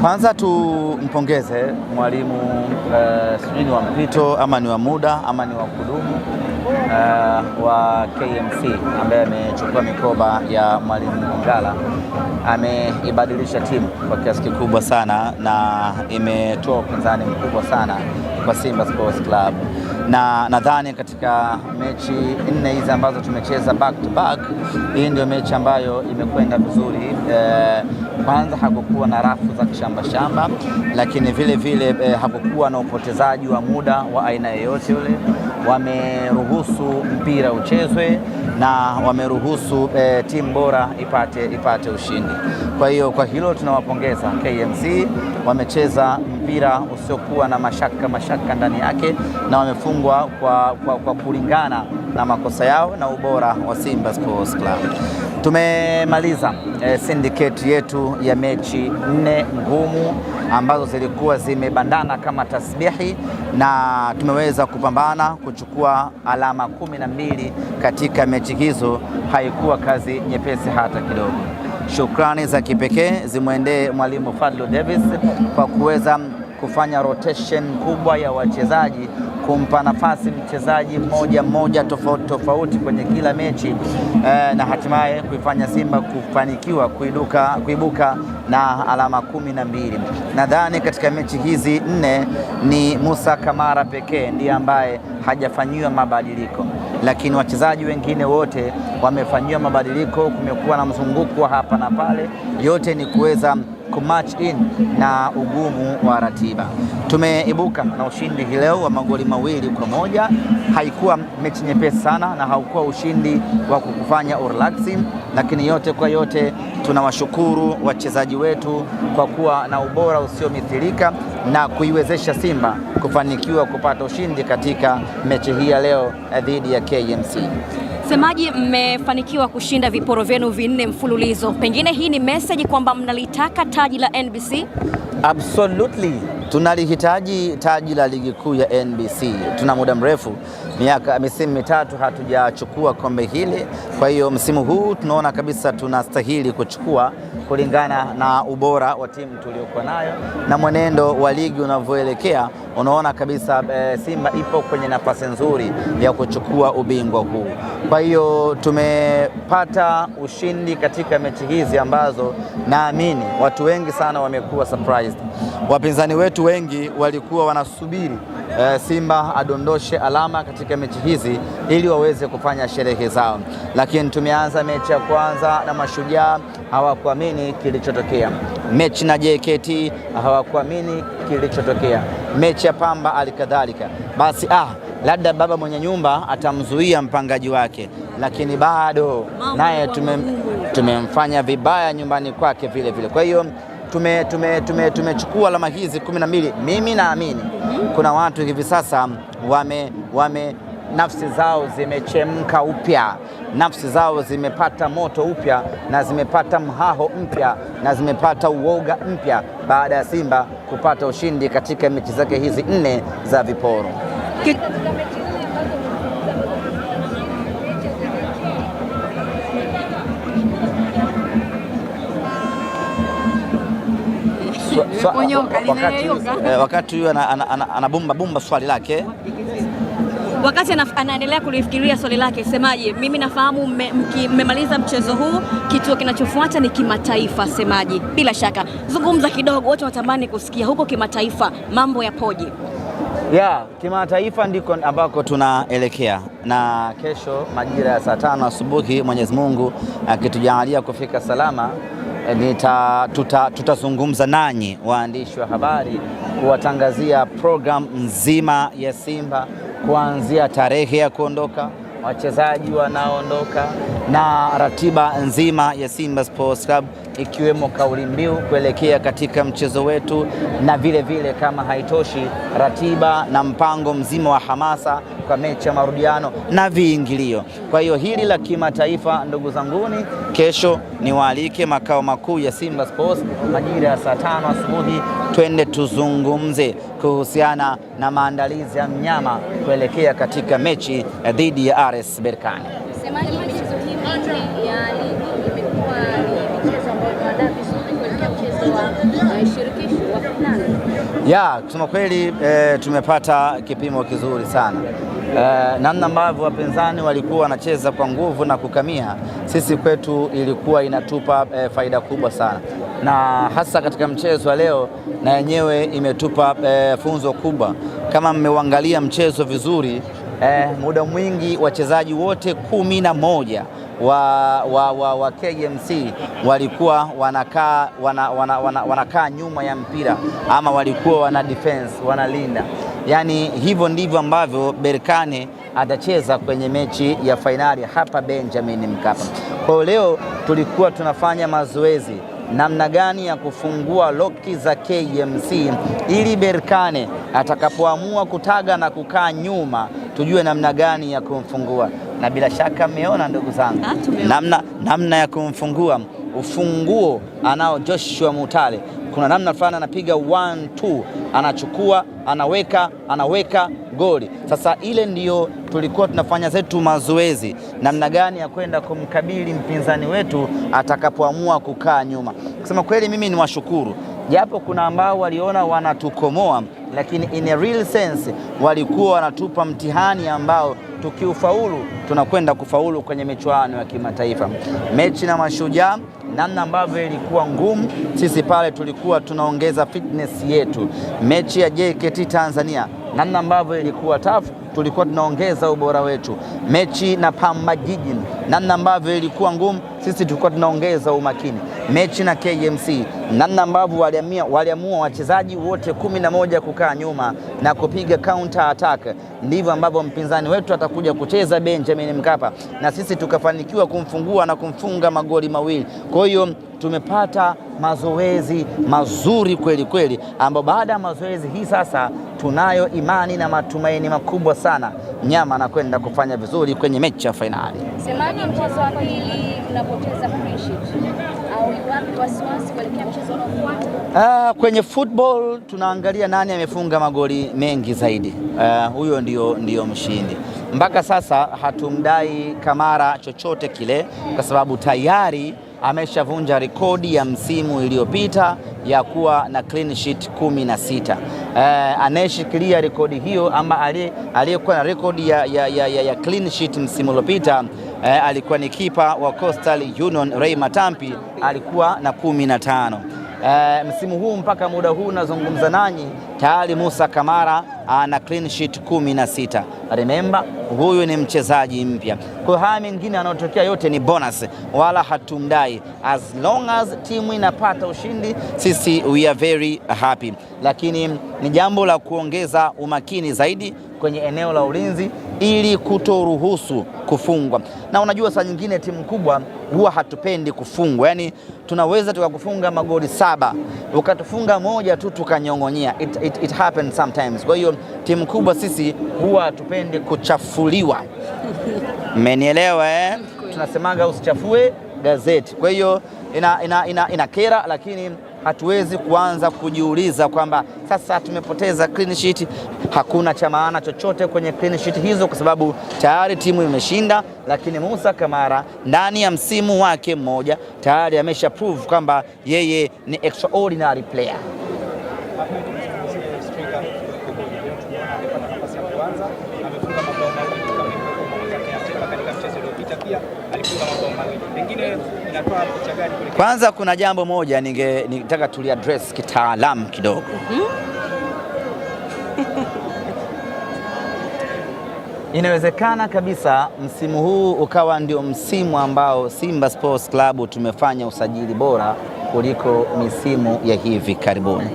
Kwanza tumpongeze mwalimu uh, sijui ni wa mpito ama ni wa muda ama ni wa kudumu uh, wa KMC ambaye amechukua mikoba ya mwalimu Ngala ameibadilisha timu kwa kiasi kikubwa sana na imetoa upinzani mkubwa sana kwa Simba Sports Club, na nadhani katika mechi nne hizi ambazo tumecheza back to back, hii ndio mechi ambayo imekwenda vizuri kwanza. Eh, kwanza hakukuwa na rafu za kishamba shamba, lakini vile vile e, hakukuwa na upotezaji wa muda wa aina yoyote yule wameruhusu mpira uchezwe na wameruhusu e, timu bora ipate, ipate ushindi. Kwa hiyo kwa hilo tunawapongeza KMC, wamecheza mpira usiokuwa na mashaka mashaka ndani yake na wamefungwa kwa, kwa, kwa kulingana na makosa yao na ubora wa Simba Sports Club. Tumemaliza eh, syndicate yetu ya mechi nne ngumu ambazo zilikuwa zimebandana kama tasbihi na tumeweza kupambana kuchukua alama kumi na mbili katika mechi hizo. Haikuwa kazi nyepesi hata kidogo. Shukrani za kipekee zimwendee mwalimu Fadlu Davis kwa kuweza kufanya rotation kubwa ya wachezaji kumpa nafasi mchezaji mmoja mmoja tofauti tofauti kwenye kila mechi eh, na hatimaye kuifanya Simba kufanikiwa kuiduka, kuibuka na alama kumi na mbili. Nadhani katika mechi hizi nne ni Musa Kamara pekee ndiye ambaye hajafanyiwa mabadiliko, lakini wachezaji wengine wote wamefanyiwa mabadiliko. Kumekuwa na mzunguko hapa na pale, yote ni kuweza kumatch in na ugumu wa ratiba. Tumeibuka na ushindi hii leo wa magoli mawili kwa moja. Haikuwa mechi nyepesi sana na haukuwa ushindi wa kukufanya urelaksi, lakini yote kwa yote tunawashukuru wachezaji wetu kwa kuwa na ubora usiomithilika na kuiwezesha Simba kufanikiwa kupata ushindi katika mechi hii ya leo eh, dhidi ya KMC. Msemaji, mmefanikiwa kushinda viporo vyenu vinne mfululizo, pengine hii ni message kwamba mnalitaka taji la NBC? Absolutely. Tunalihitaji taji la ligi kuu ya NBC. Tuna muda mrefu, miaka misimu mitatu hatujachukua kombe hili. Kwa hiyo msimu huu tunaona kabisa tunastahili kuchukua kulingana na ubora wa timu tuliokuwa nayo na mwenendo wa ligi unavyoelekea. Unaona kabisa e, Simba ipo kwenye nafasi nzuri ya kuchukua ubingwa huu. Kwa hiyo tumepata ushindi katika mechi hizi ambazo naamini watu wengi sana wamekuwa surprised. Wapinzani wetu watu wengi walikuwa wanasubiri eh, Simba adondoshe alama katika mechi hizi ili waweze kufanya sherehe zao, lakini tumeanza mechi ya kwanza na Mashujaa hawakuamini kilichotokea. Mechi na JKT hawakuamini kilichotokea. Mechi ya Pamba alikadhalika. Basi ah, labda baba mwenye nyumba atamzuia mpangaji wake, lakini bado naye tumemfanya vibaya nyumbani kwake vile vile, kwa hiyo tumechukua tume, tume, tume alama hizi kumi na mbili. Mimi naamini mhm. kuna watu hivi sasa wame, wame nafsi zao zimechemka upya, nafsi zao zimepata moto upya, na zimepata mhaho mpya, na zimepata uoga mpya baada ya Simba kupata ushindi katika mechi zake hizi nne za viporo Kit wakati eh, huyo anabombabomba swali lake wakati anaendelea kulifikiria swali lake, Semaje, mimi nafahamu mmemaliza mchezo huu, kituo kinachofuata ni kimataifa. Semaje, bila shaka zungumza kidogo, wote wanatamani kusikia huko kimataifa mambo yapoje? Yeah, kimataifa ndiko ambako tunaelekea, na kesho majira ya saa tano asubuhi, Mwenyezi Mungu akitujalia kufika salama Eh, nita, tuta, tutazungumza nanyi waandishi wa habari kuwatangazia programu nzima ya Simba kuanzia tarehe ya kuondoka wachezaji wanaoondoka na ratiba nzima ya Simba Sports Club ikiwemo kauli mbiu kuelekea katika mchezo wetu, na vile vile kama haitoshi, ratiba na mpango mzima wa hamasa kutoka mechi ya marudiano na viingilio. Kwa hiyo hili la kimataifa, ndugu zanguni, kesho niwaalike makao makuu ya Simba Sports majira ya saa tano asubuhi, twende tuzungumze kuhusiana na maandalizi ya mnyama kuelekea katika mechi dhidi ya RS Berkane. Ya kusema kweli e, tumepata kipimo kizuri sana e, namna ambavyo wapinzani walikuwa wanacheza kwa nguvu na kukamia, sisi kwetu ilikuwa inatupa e, faida kubwa sana, na hasa katika mchezo wa leo na yenyewe imetupa e, funzo kubwa. Kama mmeuangalia mchezo vizuri e, muda mwingi wachezaji wote kumi na moja wa, wa, wa, wa KMC walikuwa wanakaa wana, wana, wana, wanakaa nyuma ya mpira ama walikuwa wana defense wanalinda. Yaani hivyo ndivyo ambavyo Berkane atacheza kwenye mechi ya fainali hapa Benjamin Mkapa. Kwa leo tulikuwa tunafanya mazoezi namna gani ya kufungua loki za KMC ili Berkane atakapoamua kutaga na kukaa nyuma tujue namna gani ya kumfungua na bila shaka mmeona ndugu zangu ah, namna, namna ya kumfungua ufunguo anao Joshua Mutale. Kuna namna fulani anapiga 1 2 anachukua anaweka anaweka goli. Sasa ile ndiyo tulikuwa tunafanya zetu mazoezi, namna gani ya kwenda kumkabili mpinzani wetu atakapoamua kukaa nyuma. Kusema kweli, mimi ni washukuru, japo kuna ambao waliona wanatukomoa, lakini in a real sense walikuwa wanatupa mtihani ambao tukiufaulu tunakwenda kufaulu kwenye michuano ya kimataifa. Mechi na Mashujaa, namna ambavyo ilikuwa ngumu, sisi pale tulikuwa tunaongeza fitness yetu. Mechi ya JKT Tanzania namna ambavyo ilikuwa tafu tulikuwa tunaongeza ubora wetu. Mechi na Pamba jiji namna ambavyo ilikuwa ngumu, sisi tulikuwa tunaongeza umakini. Mechi na KMC, namna ambavyo waliamua waliamua wachezaji wote kumi na moja kukaa nyuma na kupiga counter attack, ndivyo ambavyo mpinzani wetu atakuja kucheza Benjamin Mkapa, na sisi tukafanikiwa kumfungua na kumfunga magoli mawili. Kwa hiyo tumepata mazoezi mazuri kweli kweli, ambapo baada ya mazoezi hii sasa tunayo imani na matumaini makubwa sana nyama anakwenda kufanya vizuri kwenye mechi ya fainali. Semaji, mchezo wa pili unapoteza Uh, ah, kwenye football tunaangalia nani amefunga magoli mengi zaidi. Uh, huyo ndio, ndio mshindi. Mpaka sasa hatumdai Kamara chochote kile kwa sababu tayari ameshavunja rekodi ya msimu iliyopita ya kuwa na clean sheet kumi na sita uh, anayeshikilia rekodi hiyo ama aliyekuwa na rekodi ya, ya, ya, ya clean sheet msimu uliopita uh, alikuwa ni kipa wa Coastal Union Ray Matampi alikuwa na kumi na tano e, msimu huu mpaka muda huu nazungumza nanyi tayari Musa Kamara ana clean sheet kumi na sita. Remember, huyu ni mchezaji mpya. Kwa haya mengine anayotokea yote ni bonus, wala hatumdai. As long as timu inapata ushindi, sisi we are very happy, lakini ni jambo la kuongeza umakini zaidi kwenye eneo la ulinzi ili kutoruhusu kufungwa. Na unajua saa nyingine timu kubwa huwa hatupendi kufungwa, yaani tunaweza tukakufunga magoli saba ukatufunga moja tu tukanyong'onyea. It, it, it happens sometimes. Kwa hiyo timu kubwa sisi huwa hatupendi kuchafuliwa, mmenielewa eh? Tunasemaga usichafue gazeti. Kwa hiyo ina, ina, ina, ina kera lakini hatuwezi kuanza kujiuliza kwamba sasa tumepoteza clean sheet. Hakuna cha maana chochote kwenye clean sheet hizo, kwa sababu tayari timu imeshinda. Lakini Musa Kamara ndani ya msimu wake mmoja tayari amesha prove kwamba yeye ni extraordinary player. Kwanza kuna jambo moja nitaka tuli address kitaalamu kidogo mm-hmm. Inawezekana kabisa msimu huu ukawa ndio msimu ambao Simba Sports Club tumefanya usajili bora kuliko misimu ya hivi karibuni.